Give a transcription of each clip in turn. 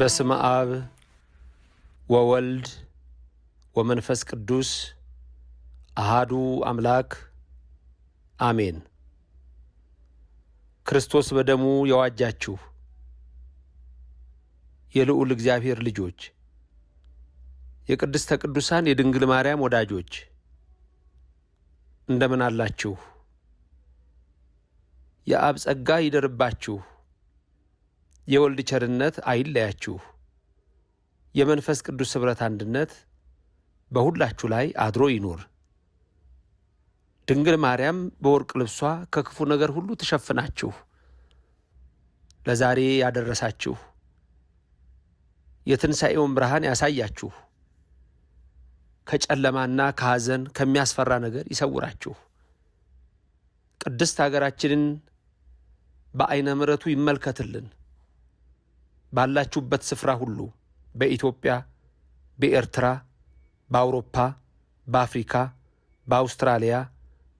በስመ አብ ወወልድ ወመንፈስ ቅዱስ አሃዱ አምላክ አሜን። ክርስቶስ በደሙ የዋጃችሁ የልዑል እግዚአብሔር ልጆች፣ የቅድስተ ቅዱሳን የድንግል ማርያም ወዳጆች እንደምን አላችሁ? የአብ ጸጋ ይደርባችሁ የወልድ ቸርነት አይለያችሁ፣ የመንፈስ ቅዱስ ኅብረት አንድነት በሁላችሁ ላይ አድሮ ይኑር። ድንግል ማርያም በወርቅ ልብሷ ከክፉ ነገር ሁሉ ተሸፍናችሁ ለዛሬ ያደረሳችሁ የትንሣኤውን ብርሃን ያሳያችሁ ከጨለማና ከሐዘን ከሚያስፈራ ነገር ይሰውራችሁ ቅድስት አገራችንን በዐይነ ምሕረቱ ይመልከትልን። ባላችሁበት ስፍራ ሁሉ በኢትዮጵያ፣ በኤርትራ፣ በአውሮፓ፣ በአፍሪካ፣ በአውስትራሊያ፣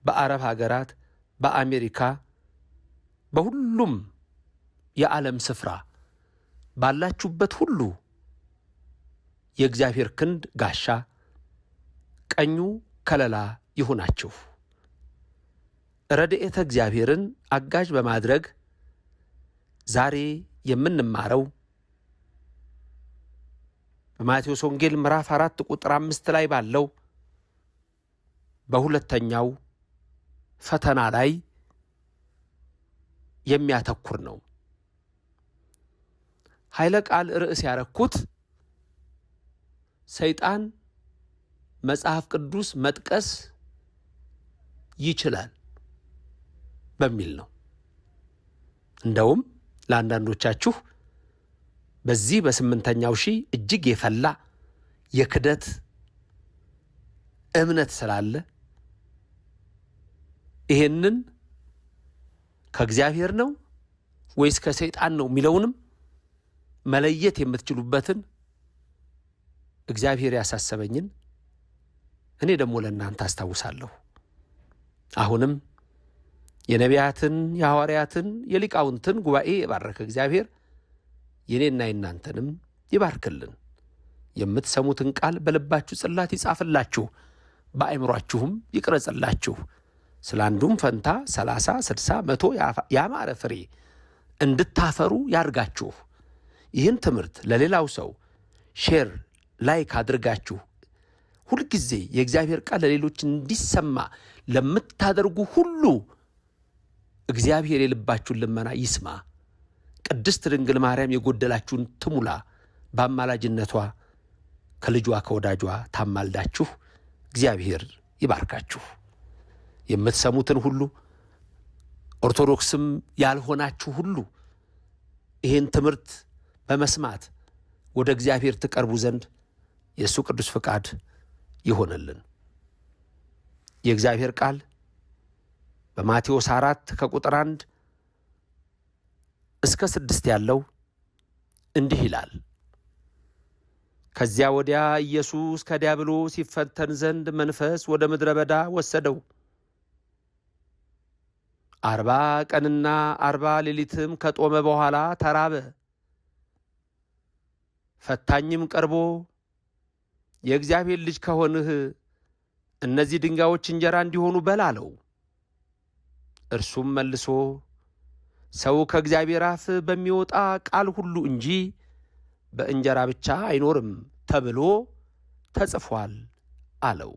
በአረብ ሀገራት፣ በአሜሪካ፣ በሁሉም የዓለም ስፍራ ባላችሁበት ሁሉ የእግዚአብሔር ክንድ ጋሻ፣ ቀኙ ከለላ ይሁናችሁ። ረድኤተ እግዚአብሔርን አጋዥ በማድረግ ዛሬ የምንማረው በማቴዎስ ወንጌል ምዕራፍ አራት ቁጥር አምስት ላይ ባለው በሁለተኛው ፈተና ላይ የሚያተኩር ነው። ኃይለ ቃል ርዕስ ያረኩት ሰይጣን መጽሐፍ ቅዱስ መጥቀስ ይችላል በሚል ነው። እንደውም ለአንዳንዶቻችሁ በዚህ በስምንተኛው ሺህ እጅግ የፈላ የክደት እምነት ስላለ ይሄንን ከእግዚአብሔር ነው ወይስ ከሰይጣን ነው የሚለውንም መለየት የምትችሉበትን እግዚአብሔር ያሳሰበኝን እኔ ደግሞ ለእናንተ አስታውሳለሁ። አሁንም የነቢያትን የሐዋርያትን የሊቃውንትን ጉባኤ የባረከ እግዚአብሔር የኔና የናንተንም ይባርክልን። የምትሰሙትን ቃል በልባችሁ ጽላት ይጻፍላችሁ፣ በአእምሯችሁም ይቅረጽላችሁ። ስለ አንዱም ፈንታ ሰላሳ ስድሳ መቶ ያማረ ፍሬ እንድታፈሩ ያድርጋችሁ። ይህን ትምህርት ለሌላው ሰው ሼር ላይክ አድርጋችሁ ሁልጊዜ የእግዚአብሔር ቃል ለሌሎች እንዲሰማ ለምታደርጉ ሁሉ እግዚአብሔር የልባችሁን ልመና ይስማ። ቅድስት ድንግል ማርያም የጎደላችሁን ትሙላ፣ በአማላጅነቷ ከልጇ ከወዳጇ ታማልዳችሁ። እግዚአብሔር ይባርካችሁ። የምትሰሙትን ሁሉ ኦርቶዶክስም ያልሆናችሁ ሁሉ ይህን ትምህርት በመስማት ወደ እግዚአብሔር ትቀርቡ ዘንድ የእሱ ቅዱስ ፈቃድ ይሆነልን። የእግዚአብሔር ቃል በማቴዎስ አራት ከቁጥር አንድ እስከ ስድስት ያለው እንዲህ ይላል። ከዚያ ወዲያ ኢየሱስ ከዲያብሎስ ይፈተን ዘንድ መንፈስ ወደ ምድረ በዳ ወሰደው። አርባ ቀንና አርባ ሌሊትም ከጦመ በኋላ ተራበ። ፈታኝም ቀርቦ የእግዚአብሔር ልጅ ከሆንህ እነዚህ ድንጋዮች እንጀራ እንዲሆኑ በል አለው። እርሱም መልሶ ሰው ከእግዚአብሔር አፍ በሚወጣ ቃል ሁሉ እንጂ በእንጀራ ብቻ አይኖርም ተብሎ ተጽፏል አለው።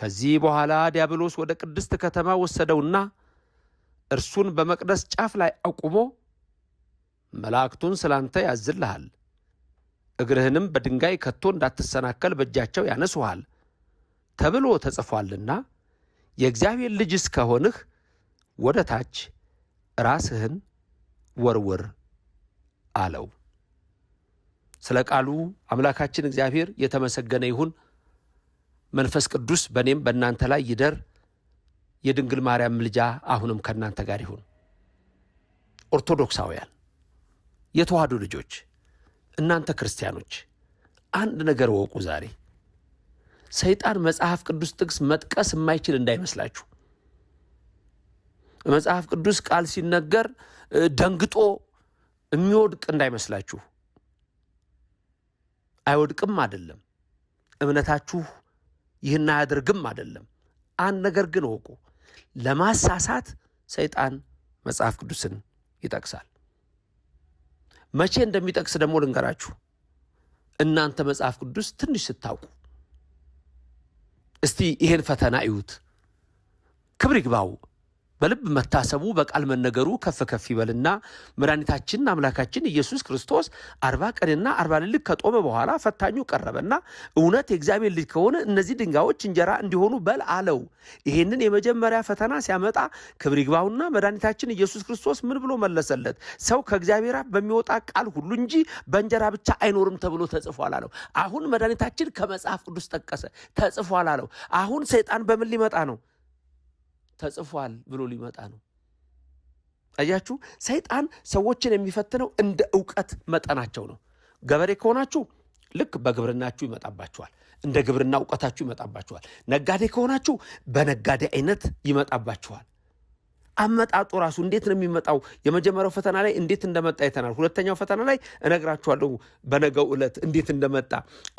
ከዚህ በኋላ ዲያብሎስ ወደ ቅድስት ከተማ ወሰደውና እርሱን በመቅደስ ጫፍ ላይ አቁሞ መላእክቱን ስላንተ ያዝልሃል፣ እግርህንም በድንጋይ ከቶ እንዳትሰናከል በእጃቸው ያነሱሃል ተብሎ ተጽፏልና የእግዚአብሔር ልጅስ ከሆንህ ወደ ታች ራስህን ወርውር አለው። ስለ ቃሉ አምላካችን እግዚአብሔር የተመሰገነ ይሁን። መንፈስ ቅዱስ በእኔም በእናንተ ላይ ይደር። የድንግል ማርያም ምልጃ አሁንም ከእናንተ ጋር ይሁን። ኦርቶዶክሳውያን፣ የተዋህዶ ልጆች፣ እናንተ ክርስቲያኖች አንድ ነገር ወቁ። ዛሬ ሰይጣን መጽሐፍ ቅዱስ ጥቅስ መጥቀስ የማይችል እንዳይመስላችሁ። መጽሐፍ ቅዱስ ቃል ሲነገር ደንግጦ የሚወድቅ እንዳይመስላችሁ። አይወድቅም አይደለም። እምነታችሁ ይህን አያደርግም አይደለም። አንድ ነገር ግን እወቁ፣ ለማሳሳት ሰይጣን መጽሐፍ ቅዱስን ይጠቅሳል። መቼ እንደሚጠቅስ ደግሞ ልንገራችሁ። እናንተ መጽሐፍ ቅዱስ ትንሽ ስታውቁ፣ እስቲ ይሄን ፈተና እዩት። ክብር ይግባው በልብ መታሰቡ በቃል መነገሩ ከፍ ከፍ ይበልና መድኃኒታችን አምላካችን ኢየሱስ ክርስቶስ አርባ ቀንና አርባ ሌሊት ከጦመ በኋላ ፈታኙ ቀረበና እውነት የእግዚአብሔር ልጅ ከሆነ እነዚህ ድንጋዮች እንጀራ እንዲሆኑ በል አለው። ይሄንን የመጀመሪያ ፈተና ሲያመጣ ክብር ይግባውና መድኃኒታችን ኢየሱስ ክርስቶስ ምን ብሎ መለሰለት? ሰው ከእግዚአብሔር አፍ በሚወጣ ቃል ሁሉ እንጂ በእንጀራ ብቻ አይኖርም ተብሎ ተጽፏል አለው። አሁን መድኃኒታችን ከመጽሐፍ ቅዱስ ጠቀሰ። ተጽፏል አለው። አሁን ሰይጣን በምን ሊመጣ ነው? ተጽፏል ብሎ ሊመጣ ነው። አያችሁ፣ ሰይጣን ሰዎችን የሚፈትነው እንደ እውቀት መጠናቸው ነው። ገበሬ ከሆናችሁ ልክ በግብርናችሁ ይመጣባችኋል፣ እንደ ግብርና እውቀታችሁ ይመጣባችኋል። ነጋዴ ከሆናችሁ በነጋዴ አይነት ይመጣባችኋል። አመጣጡ ራሱ እንዴት ነው የሚመጣው? የመጀመሪያው ፈተና ላይ እንዴት እንደመጣ አይተናል። ሁለተኛው ፈተና ላይ እነግራችኋለሁ በነገው ዕለት እንዴት እንደመጣ።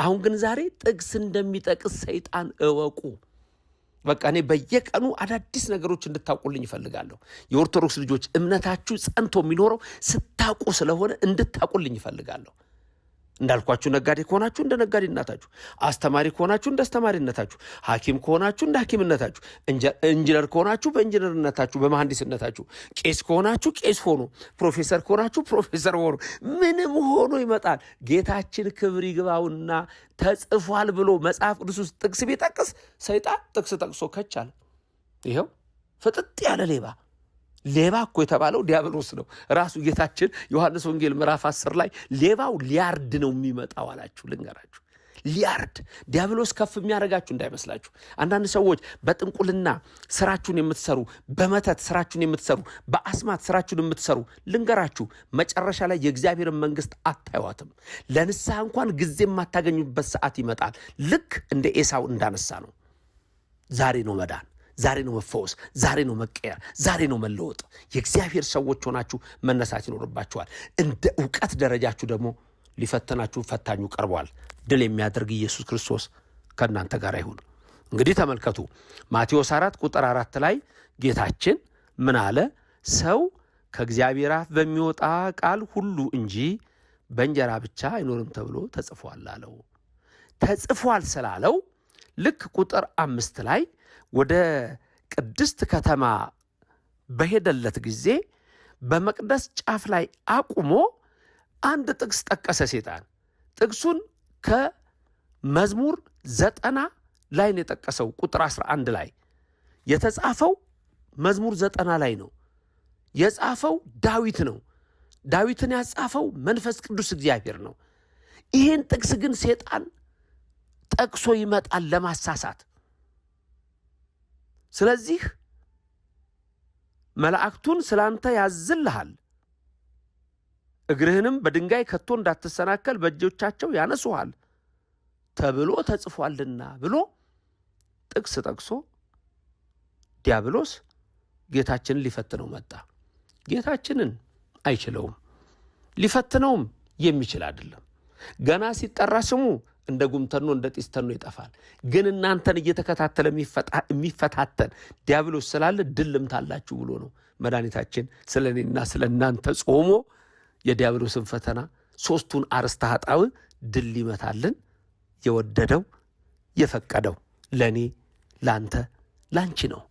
አሁን ግን ዛሬ ጥቅስ እንደሚጠቅስ ሰይጣን እወቁ። በቃ እኔ በየቀኑ አዳዲስ ነገሮች እንድታውቁልኝ ይፈልጋለሁ። የኦርቶዶክስ ልጆች እምነታችሁ ጸንቶ የሚኖረው ስታውቁ ስለሆነ እንድታውቁልኝ ይፈልጋለሁ። እንዳልኳችሁ ነጋዴ ከሆናችሁ እንደ ነጋዴነታችሁ፣ አስተማሪ ከሆናችሁ እንደ አስተማሪነታችሁ፣ ሐኪም ከሆናችሁ እንደ ሐኪምነታችሁ፣ ኢንጂነር ከሆናችሁ በኢንጂነርነታችሁ፣ በመሐንዲስነታችሁ፣ ቄስ ከሆናችሁ ቄስ ሆኑ፣ ፕሮፌሰር ከሆናችሁ ፕሮፌሰር ሆኑ። ምንም ሆኖ ይመጣል። ጌታችን ክብር ይግባውና ተጽፏል ብሎ መጽሐፍ ቅዱስ ውስጥ ጥቅስ ቢጠቅስ ሰይጣን ጥቅስ ጠቅሶ ከቻለ ይኸው ፍጥጥ ያለ ሌባ ሌባ እኮ የተባለው ዲያብሎስ ነው። ራሱ ጌታችን ዮሐንስ ወንጌል ምዕራፍ አስር ላይ ሌባው ሊያርድ ነው የሚመጣው አላችሁ። ልንገራችሁ ሊያርድ ዲያብሎስ ከፍ የሚያደርጋችሁ እንዳይመስላችሁ። አንዳንድ ሰዎች በጥንቁልና ስራችሁን የምትሰሩ፣ በመተት ስራችሁን የምትሰሩ፣ በአስማት ስራችሁን የምትሰሩ ልንገራችሁ፣ መጨረሻ ላይ የእግዚአብሔርን መንግስት አታዩትም። ለንስሐ እንኳን ጊዜ የማታገኙበት ሰዓት ይመጣል። ልክ እንደ ኤሳው እንዳነሳ ነው። ዛሬ ነው መዳን። ዛሬ ነው መፈወስ፣ ዛሬ ነው መቀየር፣ ዛሬ ነው መለወጥ። የእግዚአብሔር ሰዎች ሆናችሁ መነሳት ይኖርባችኋል። እንደ እውቀት ደረጃችሁ ደግሞ ሊፈተናችሁ ፈታኙ ቀርቧል። ድል የሚያደርግ ኢየሱስ ክርስቶስ ከእናንተ ጋር ይሁን። እንግዲህ ተመልከቱ ማቴዎስ አራት ቁጥር አራት ላይ ጌታችን ምን አለ? ሰው ከእግዚአብሔር አፍ በሚወጣ ቃል ሁሉ እንጂ በእንጀራ ብቻ አይኖርም ተብሎ ተጽፏል አለው። ተጽፏል ስላለው ልክ ቁጥር አምስት ላይ ወደ ቅድስት ከተማ በሄደለት ጊዜ በመቅደስ ጫፍ ላይ አቁሞ አንድ ጥቅስ ጠቀሰ ሴጣን። ጥቅሱን ከመዝሙር ዘጠና ላይ ነው የጠቀሰው። ቁጥር 11 ላይ የተጻፈው መዝሙር ዘጠና ላይ ነው የጻፈው ዳዊት ነው። ዳዊትን ያጻፈው መንፈስ ቅዱስ እግዚአብሔር ነው። ይህን ጥቅስ ግን ሴጣን ጠቅሶ ይመጣል ለማሳሳት ስለዚህ መላእክቱን ስላንተ ያዝልሃል፣ እግርህንም በድንጋይ ከቶ እንዳትሰናከል በእጆቻቸው ያነሱሃል ተብሎ ተጽፏልና ብሎ ጥቅስ ጠቅሶ ዲያብሎስ ጌታችንን ሊፈትነው መጣ። ጌታችንን አይችለውም፣ ሊፈትነውም የሚችል አይደለም። ገና ሲጠራ ስሙ እንደ ጉምተኖ እንደ ጢስተኖ ይጠፋል። ግን እናንተን እየተከታተለ የሚፈታተን ዲያብሎስ ስላለ ድል ታላችሁ ብሎ ነው መድኃኒታችን ስለ እኔና ስለ እናንተ ጾሞ የዲያብሎስን ፈተና ሶስቱን አርስተ ኃጣውዕ ድል ይመታልን የወደደው የፈቀደው ለእኔ ለአንተ ላንቺ ነው።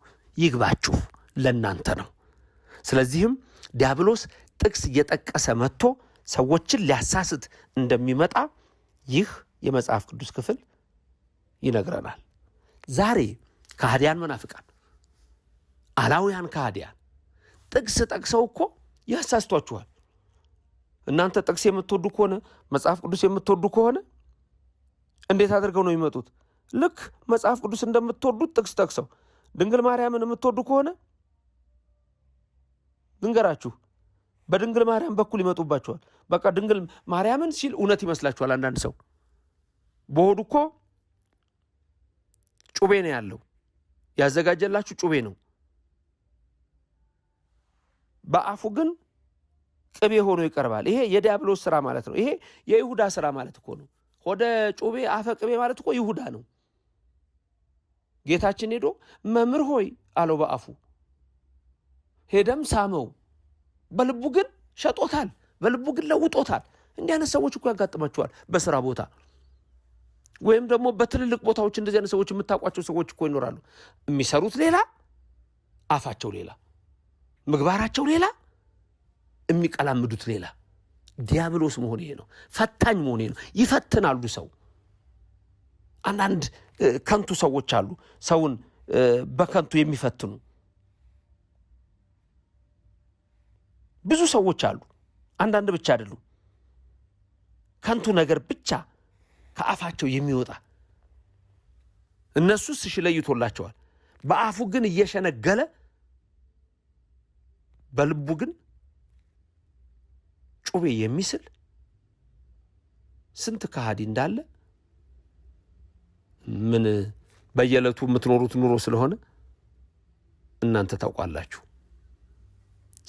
ይግባችሁ፣ ለእናንተ ነው። ስለዚህም ዲያብሎስ ጥቅስ እየጠቀሰ መጥቶ ሰዎችን ሊያሳስት እንደሚመጣ ይህ የመጽሐፍ ቅዱስ ክፍል ይነግረናል። ዛሬ ከሃዲያን መናፍቃን፣ አላውያን ከሃዲያን ጥቅስ ጠቅሰው እኮ ያሳስቷችኋል። እናንተ ጥቅስ የምትወዱ ከሆነ መጽሐፍ ቅዱስ የምትወዱ ከሆነ እንዴት አድርገው ነው የሚመጡት? ልክ መጽሐፍ ቅዱስ እንደምትወዱት ጥቅስ ጠቅሰው ድንግል ማርያምን የምትወዱ ከሆነ ልንገራችሁ በድንግል ማርያም በኩል ይመጡባቸዋል። በቃ ድንግል ማርያምን ሲል እውነት ይመስላችኋል አንዳንድ ሰው በሆዱ እኮ ጩቤ ነው ያለው። ያዘጋጀላችሁ ጩቤ ነው። በአፉ ግን ቅቤ ሆኖ ይቀርባል። ይሄ የዲያብሎስ ስራ ማለት ነው። ይሄ የይሁዳ ስራ ማለት እኮ ነው። ሆደ ጩቤ አፈ ቅቤ ማለት እኮ ይሁዳ ነው። ጌታችን ሄዶ መምህር ሆይ አለው በአፉ ሄደም ሳመው። በልቡ ግን ሸጦታል። በልቡ ግን ለውጦታል። እንዲህ አይነት ሰዎች እኮ ያጋጥማችኋል በስራ ቦታ ወይም ደግሞ በትልልቅ ቦታዎች እንደዚህ አይነት ሰዎች የምታውቋቸው ሰዎች እኮ ይኖራሉ። የሚሰሩት ሌላ፣ አፋቸው ሌላ፣ ምግባራቸው ሌላ፣ የሚቀላምዱት ሌላ። ዲያብሎስ መሆን ይሄ ነው። ፈታኝ መሆን ይሄ ነው። ይፈትናሉ። ሰው አንዳንድ ከንቱ ሰዎች አሉ፣ ሰውን በከንቱ የሚፈትኑ ብዙ ሰዎች አሉ። አንዳንድ ብቻ አይደሉም። ከንቱ ነገር ብቻ ከአፋቸው የሚወጣ እነሱ ስሽ ለይቶላቸዋል። በአፉ ግን እየሸነገለ በልቡ ግን ጩቤ የሚስል ስንት ከሃዲ እንዳለ ምን በየዕለቱ የምትኖሩት ኑሮ ስለሆነ እናንተ ታውቃላችሁ።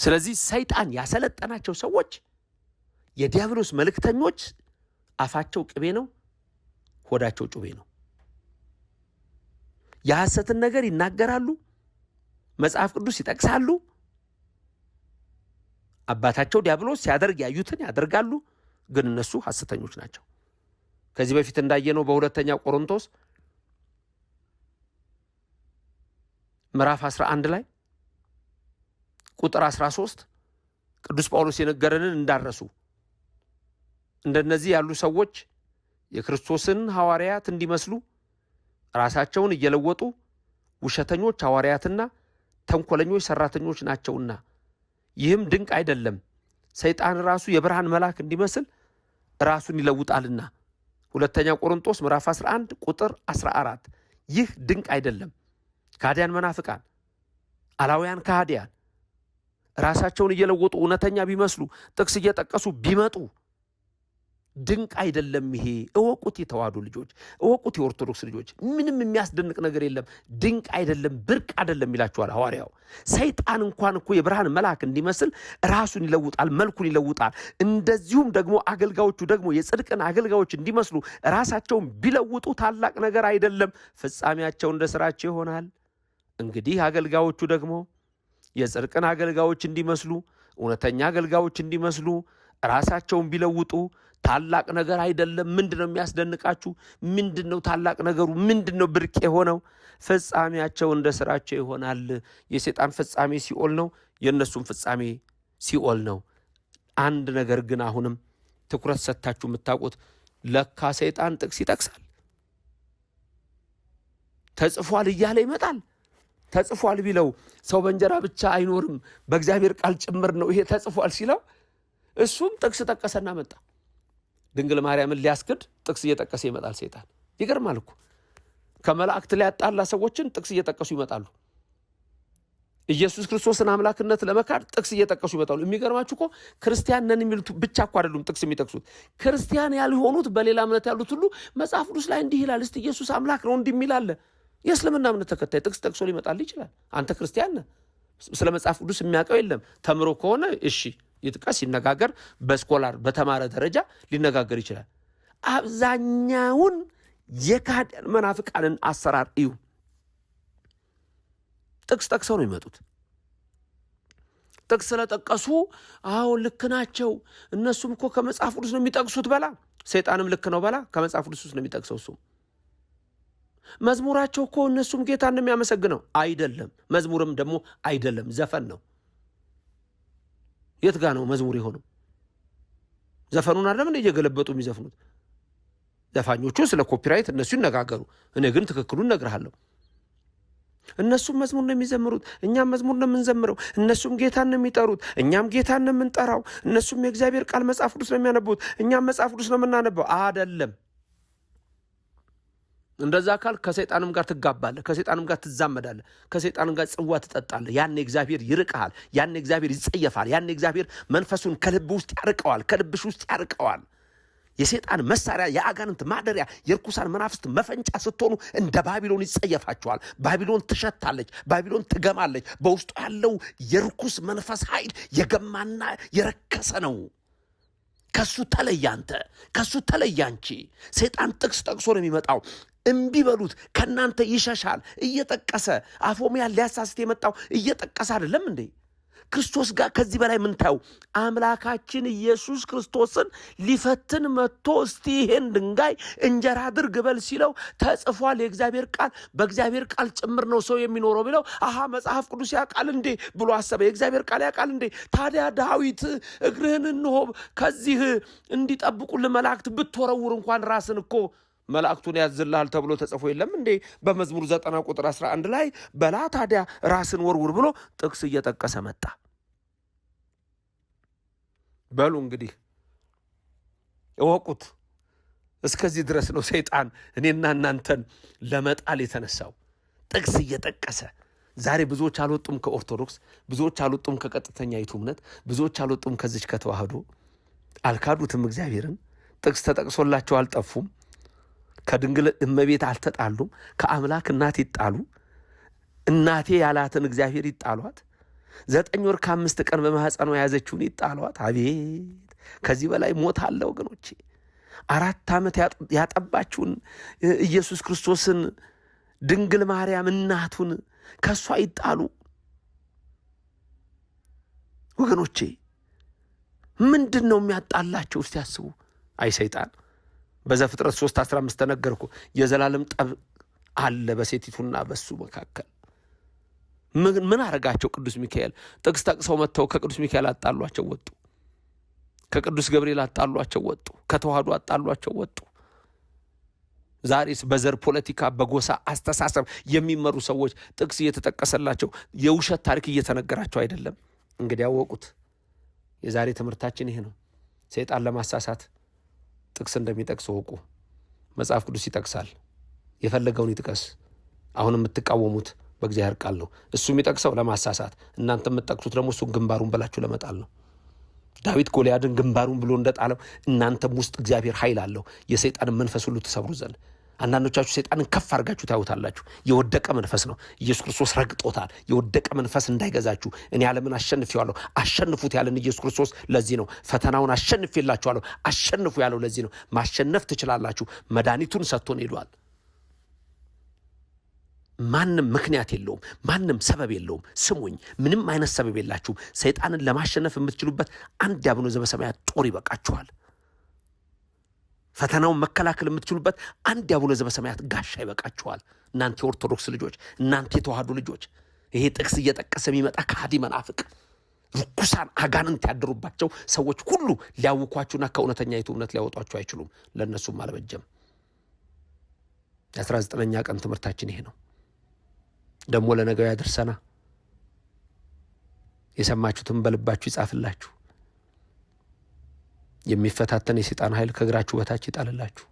ስለዚህ ሰይጣን ያሰለጠናቸው ሰዎች የዲያብሎስ መልእክተኞች አፋቸው ቅቤ ነው። ሆዳቸው ጩቤ ነው። የሐሰትን ነገር ይናገራሉ፣ መጽሐፍ ቅዱስ ይጠቅሳሉ። አባታቸው ዲያብሎስ ሲያደርግ ያዩትን ያደርጋሉ። ግን እነሱ ሐሰተኞች ናቸው። ከዚህ በፊት እንዳየነው በሁለተኛ ቆሮንቶስ ምዕራፍ 11 ላይ ቁጥር 13 ቅዱስ ጳውሎስ የነገረንን እንዳረሱ እንደነዚህ ያሉ ሰዎች የክርስቶስን ሐዋርያት እንዲመስሉ ራሳቸውን እየለወጡ ውሸተኞች ሐዋርያትና ተንኮለኞች ሠራተኞች ናቸውና ይህም ድንቅ አይደለም። ሰይጣን ራሱ የብርሃን መልአክ እንዲመስል ራሱን ይለውጣልና። ሁለተኛ ቆሮንጦስ ምዕራፍ 11 ቁጥር 14። ይህ ድንቅ አይደለም። ካዲያን መናፍቃን፣ አላውያን ካዲያን ራሳቸውን እየለወጡ እውነተኛ ቢመስሉ ጥቅስ እየጠቀሱ ቢመጡ ድንቅ አይደለም ይሄ? እወቁት፣ የተዋህዶ ልጆች እወቁት፣ የኦርቶዶክስ ልጆች ምንም የሚያስደንቅ ነገር የለም። ድንቅ አይደለም፣ ብርቅ አይደለም ይላችኋል ሐዋርያው። ሰይጣን እንኳን እኮ የብርሃን መልአክ እንዲመስል ራሱን ይለውጣል፣ መልኩን ይለውጣል። እንደዚሁም ደግሞ አገልጋዮቹ ደግሞ የጽድቅን አገልጋዮች እንዲመስሉ ራሳቸውን ቢለውጡ ታላቅ ነገር አይደለም። ፍጻሜያቸው እንደ ስራቸው ይሆናል። እንግዲህ አገልጋዮቹ ደግሞ የጽድቅን አገልጋዮች እንዲመስሉ እውነተኛ አገልጋዮች እንዲመስሉ ራሳቸውን ቢለውጡ ታላቅ ነገር አይደለም። ምንድን ነው የሚያስደንቃችሁ? ምንድን ነው ታላቅ ነገሩ? ምንድን ነው ብርቅ የሆነው? ፍጻሜያቸው እንደ ስራቸው ይሆናል። የሴጣን ፍጻሜ ሲኦል ነው፣ የእነሱም ፍጻሜ ሲኦል ነው። አንድ ነገር ግን አሁንም ትኩረት ሰጥታችሁ የምታውቁት ለካ ሰይጣን ጥቅስ ይጠቅሳል። ተጽፏል እያለ ይመጣል። ተጽፏል ቢለው ሰው በእንጀራ ብቻ አይኖርም በእግዚአብሔር ቃል ጭምር ነው ይሄ ተጽፏል ሲለው እሱም ጥቅስ ጠቀሰና መጣ። ድንግል ማርያምን ሊያስክድ ጥቅስ እየጠቀሰ ይመጣል ሴጣን። ይገርማል እኮ ከመላእክት ሊያጣላ ሰዎችን ጥቅስ እየጠቀሱ ይመጣሉ። ኢየሱስ ክርስቶስን አምላክነት ለመካድ ጥቅስ እየጠቀሱ ይመጣሉ። የሚገርማችሁ እኮ ክርስቲያን ነን የሚሉት ብቻ እኮ አይደሉም ጥቅስ የሚጠቅሱት ክርስቲያን ያልሆኑት በሌላ እምነት ያሉት ሁሉ መጽሐፍ ቅዱስ ላይ እንዲህ ይላል፣ እስቲ ኢየሱስ አምላክ ነው እንዲህ የሚል አለ። የእስልምና እምነት ተከታይ ጥቅስ ጠቅሶ ሊመጣል ይችላል። አንተ ክርስቲያን ነህ፣ ስለ መጽሐፍ ቅዱስ የሚያውቀው የለም ተምሮ ከሆነ እሺ ይጥቀስ ሲነጋገር በስኮላር በተማረ ደረጃ ሊነጋገር ይችላል። አብዛኛውን የካህዲያን መናፍቃንን አሰራር እዩ። ጥቅስ ጠቅሰው ነው የሚመጡት። ጥቅስ ስለጠቀሱ አዎ ልክ ናቸው፣ እነሱም እኮ ከመጽሐፍ ቅዱስ ነው የሚጠቅሱት በላ ሰይጣንም ልክ ነው በላ ከመጽሐፍ ቅዱስ ውስጥ ነው የሚጠቅሰው እሱም መዝሙራቸው እኮ እነሱም ጌታ እንደሚያመሰግነው አይደለም፣ መዝሙርም ደግሞ አይደለም፣ ዘፈን ነው። የት ጋ ነው መዝሙር የሆነው? ዘፈኑን አይደለም እንደ እየገለበጡ የሚዘፍኑት ዘፋኞቹ። ስለ ኮፒራይት እነሱ ይነጋገሩ፣ እኔ ግን ትክክሉን እነግርሃለሁ። እነሱም መዝሙር ነው የሚዘምሩት፣ እኛም መዝሙር ነው የምንዘምረው። እነሱም ጌታን ነው የሚጠሩት፣ እኛም ጌታን ነው የምንጠራው። እነሱም የእግዚአብሔር ቃል መጽሐፍ ቅዱስ ነው የሚያነቡት፣ እኛም መጽሐፍ ቅዱስ ነው የምናነበው። አደለም እንደዛ ካል ከሰይጣንም ጋር ትጋባለህ፣ ከሰይጣንም ጋር ትዛመዳለህ፣ ከሰይጣንም ጋር ጽዋ ትጠጣለህ። ያኔ እግዚአብሔር ይርቅሃል፣ ያኔ እግዚአብሔር ይጸየፋል፣ ያኔ እግዚአብሔር መንፈሱን ከልብ ውስጥ ያርቀዋል፣ ከልብሽ ውስጥ ያርቀዋል። የሰይጣን መሳሪያ፣ የአጋንንት ማደሪያ፣ የርኩሳን መናፍስት መፈንጫ ስትሆኑ እንደ ባቢሎን ይጸየፋቸዋል። ባቢሎን ትሸታለች፣ ባቢሎን ትገማለች። በውስጡ ያለው የርኩስ መንፈስ ኃይል የገማና የረከሰ ነው። ከሱ ተለይ አንተ፣ ከሱ ተለይ አንቺ። ሰይጣን ጥቅስ ጠቅሶ ነው የሚመጣው። እንቢበሉት ከእናንተ ይሸሻል እየጠቀሰ አፎሚያን ሊያሳስት የመጣው እየጠቀሰ አይደለም እንዴ? ክርስቶስ ጋር ከዚህ በላይ ምንታየው? አምላካችን ኢየሱስ ክርስቶስን ሊፈትን መጥቶ እስቲ ይሄን ድንጋይ እንጀራ አድርግ በል ሲለው ተጽፏል፣ የእግዚአብሔር ቃል በእግዚአብሔር ቃል ጭምር ነው ሰው የሚኖረው ቢለው፣ አሃ መጽሐፍ ቅዱስ ያውቃል እንዴ ብሎ አሰበ። የእግዚአብሔር ቃል ያውቃል እንዴ? ታዲያ ዳዊት እግርህን እንሆ ከዚህ እንዲጠብቁ ልመላእክት ብትወረውር እንኳን ራስን እኮ መላእክቱን ያዝልሃል ተብሎ ተጽፎ የለም እንዴ? በመዝሙር ዘጠና ቁጥር 11 ላይ በላ ታዲያ ራስን ወርውር ብሎ ጥቅስ እየጠቀሰ መጣ። በሉ እንግዲህ እወቁት። እስከዚህ ድረስ ነው ሰይጣን እኔና እናንተን ለመጣል የተነሳው ጥቅስ እየጠቀሰ ዛሬ ብዙዎች አልወጡም ከኦርቶዶክስ፣ ብዙዎች አልወጡም ከቀጥተኛይቱ እምነት፣ ብዙዎች አልወጡም ከዚች ከተዋህዶ። አልካዱትም፣ እግዚአብሔርን ጥቅስ ተጠቅሶላቸው አልጠፉም። ከድንግል እመቤት አልተጣሉም። ከአምላክ እናት ይጣሉ እናቴ ያላትን እግዚአብሔር ይጣሏት። ዘጠኝ ወር ከአምስት ቀን በማኅፀኗ የያዘችውን ይጣሏት። አቤት ከዚህ በላይ ሞት አለ ወገኖቼ። አራት ዓመት ያጠባችውን ኢየሱስ ክርስቶስን ድንግል ማርያም እናቱን ከእሷ ይጣሉ ወገኖቼ። ምንድን ነው የሚያጣላቸው? እስቲ ያስቡ። አይ ሰይጣን በዘፍጥረት 3 15 ተነገርኩ። የዘላለም ጠብ አለ በሴቲቱና በሱ መካከል። ምን አረጋቸው? ቅዱስ ሚካኤል ጥቅስ ጠቅሰው መጥተው ከቅዱስ ሚካኤል አጣሏቸው ወጡ። ከቅዱስ ገብርኤል አጣሏቸው ወጡ። ከተዋህዶ አጣሏቸው ወጡ። ዛሬስ በዘር ፖለቲካ፣ በጎሳ አስተሳሰብ የሚመሩ ሰዎች ጥቅስ እየተጠቀሰላቸው የውሸት ታሪክ እየተነገራቸው አይደለም። እንግዲህ ያወቁት። የዛሬ ትምህርታችን ይሄ ነው። ሰይጣን ለማሳሳት ጥቅስ እንደሚጠቅስ ወቁ። መጽሐፍ ቅዱስ ይጠቅሳል። የፈለገውን ይጥቀስ። አሁን የምትቃወሙት በእግዚአብሔር ቃል ነው። እሱ የሚጠቅሰው ለማሳሳት፣ እናንተ የምትጠቅሱት ደግሞ እሱን ግንባሩን ብላችሁ ለመጣል ነው። ዳዊት ጎልያድን ግንባሩን ብሎ እንደጣለው እናንተም ውስጥ እግዚአብሔር ኃይል አለው የሰይጣንን መንፈስ ሁሉ ትሰብሩ ዘንድ አንዳንዶቻችሁ ሰይጣንን ከፍ አድርጋችሁ ታዩታላችሁ። የወደቀ መንፈስ ነው። ኢየሱስ ክርስቶስ ረግጦታል። የወደቀ መንፈስ እንዳይገዛችሁ እኔ ዓለምን አሸንፌዋለሁ። አሸንፉት ያለን ኢየሱስ ክርስቶስ ለዚህ ነው ፈተናውን አሸንፌላችኋለሁ። አሸንፉ ያለው ለዚህ ነው። ማሸነፍ ትችላላችሁ። መድኃኒቱን ሰጥቶን ሄዷል። ማንም ምክንያት የለውም። ማንም ሰበብ የለውም። ስሙኝ፣ ምንም አይነት ሰበብ የላችሁም። ሰይጣንን ለማሸነፍ የምትችሉበት አንድ ያብኖ ዘበሰማያት ጦር ይበቃችኋል። ፈተናውን መከላከል የምትችሉበት አንድ አቡነ ዘበሰማያት ጋሻ ይበቃችኋል። እናንተ የኦርቶዶክስ ልጆች፣ እናንተ የተዋህዱ ልጆች፣ ይሄ ጥቅስ እየጠቀሰ የሚመጣ ከሃዲ መናፍቅ፣ ርኩሳን አጋንንት ያደሩባቸው ሰዎች ሁሉ ሊያውኳችሁና ከእውነተኛይቱ እምነት ሊያወጧችሁ አይችሉም። ለእነሱም አልበጀም። የአስራ ዘጠነኛ ቀን ትምህርታችን ይሄ ነው። ደግሞ ለነገው ያደርሰና የሰማችሁትን በልባችሁ ይጻፍላችሁ። የሚፈታተን የሰይጣን ኃይል ከእግራችሁ በታች ይጣልላችሁ።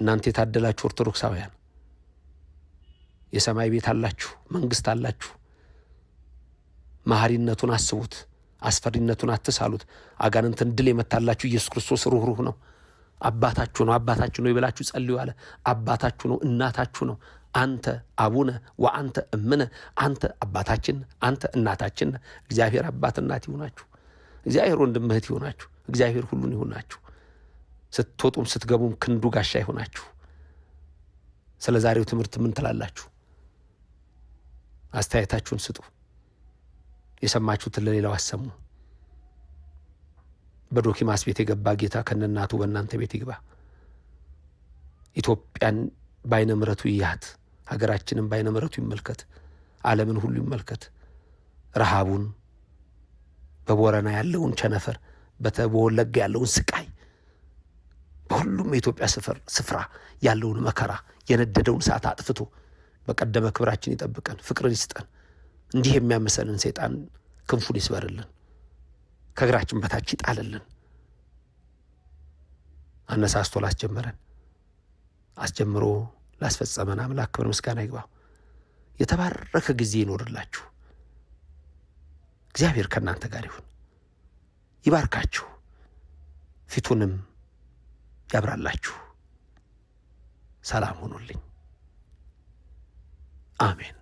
እናንተ የታደላችሁ ኦርቶዶክሳውያን የሰማይ ቤት አላችሁ፣ መንግስት አላችሁ። መሐሪነቱን አስቡት፣ አስፈሪነቱን አትሳሉት። አጋንንትን ድል የመታላችሁ ኢየሱስ ክርስቶስ ሩህሩህ ነው። አባታችሁ ነው፣ አባታችሁ ነው ይበላችሁ ጸልዩ አለ። አባታችሁ ነው፣ እናታችሁ ነው። አንተ አቡነ ወአንተ እምነ፣ አንተ አባታችን፣ አንተ እናታችን። እግዚአብሔር አባት እናት ይሆናችሁ። እግዚአብሔር ወንድም እህት ይሆናችሁ። እግዚአብሔር ሁሉን ይሁናችሁ። ስትወጡም ስትገቡም ክንዱ ጋሻ ይሆናችሁ። ስለ ዛሬው ትምህርት ምን ትላላችሁ? አስተያየታችሁን ስጡ። የሰማችሁትን ለሌላው አሰሙ። በዶኪማስ ቤት የገባ ጌታ ከነናቱ በእናንተ ቤት ይግባ። ኢትዮጵያን በአይነ ምረቱ ይያት። ሀገራችንን በአይነ ምረቱ ይመልከት። ዓለምን ሁሉ ይመልከት። ረሃቡን፣ በቦረና ያለውን ቸነፈር በወለጋ ያለውን ስቃይ በሁሉም የኢትዮጵያ ስፍራ ያለውን መከራ የነደደውን ሰዓት አጥፍቶ በቀደመ ክብራችን ይጠብቀን፣ ፍቅርን ይስጠን። እንዲህ የሚያመሰልን ሰይጣን ክንፉን ይስበርልን፣ ከእግራችን በታች ይጣልልን። አነሳስቶ ላስጀመረን አስጀምሮ ላስፈጸመን አምላክ ክብር ምስጋና ይግባው። የተባረከ ጊዜ ይኖርላችሁ። እግዚአብሔር ከእናንተ ጋር ይሁን። ይባርካችሁ፣ ፊቱንም ያብራላችሁ። ሰላም ሁኑልኝ። አሜን።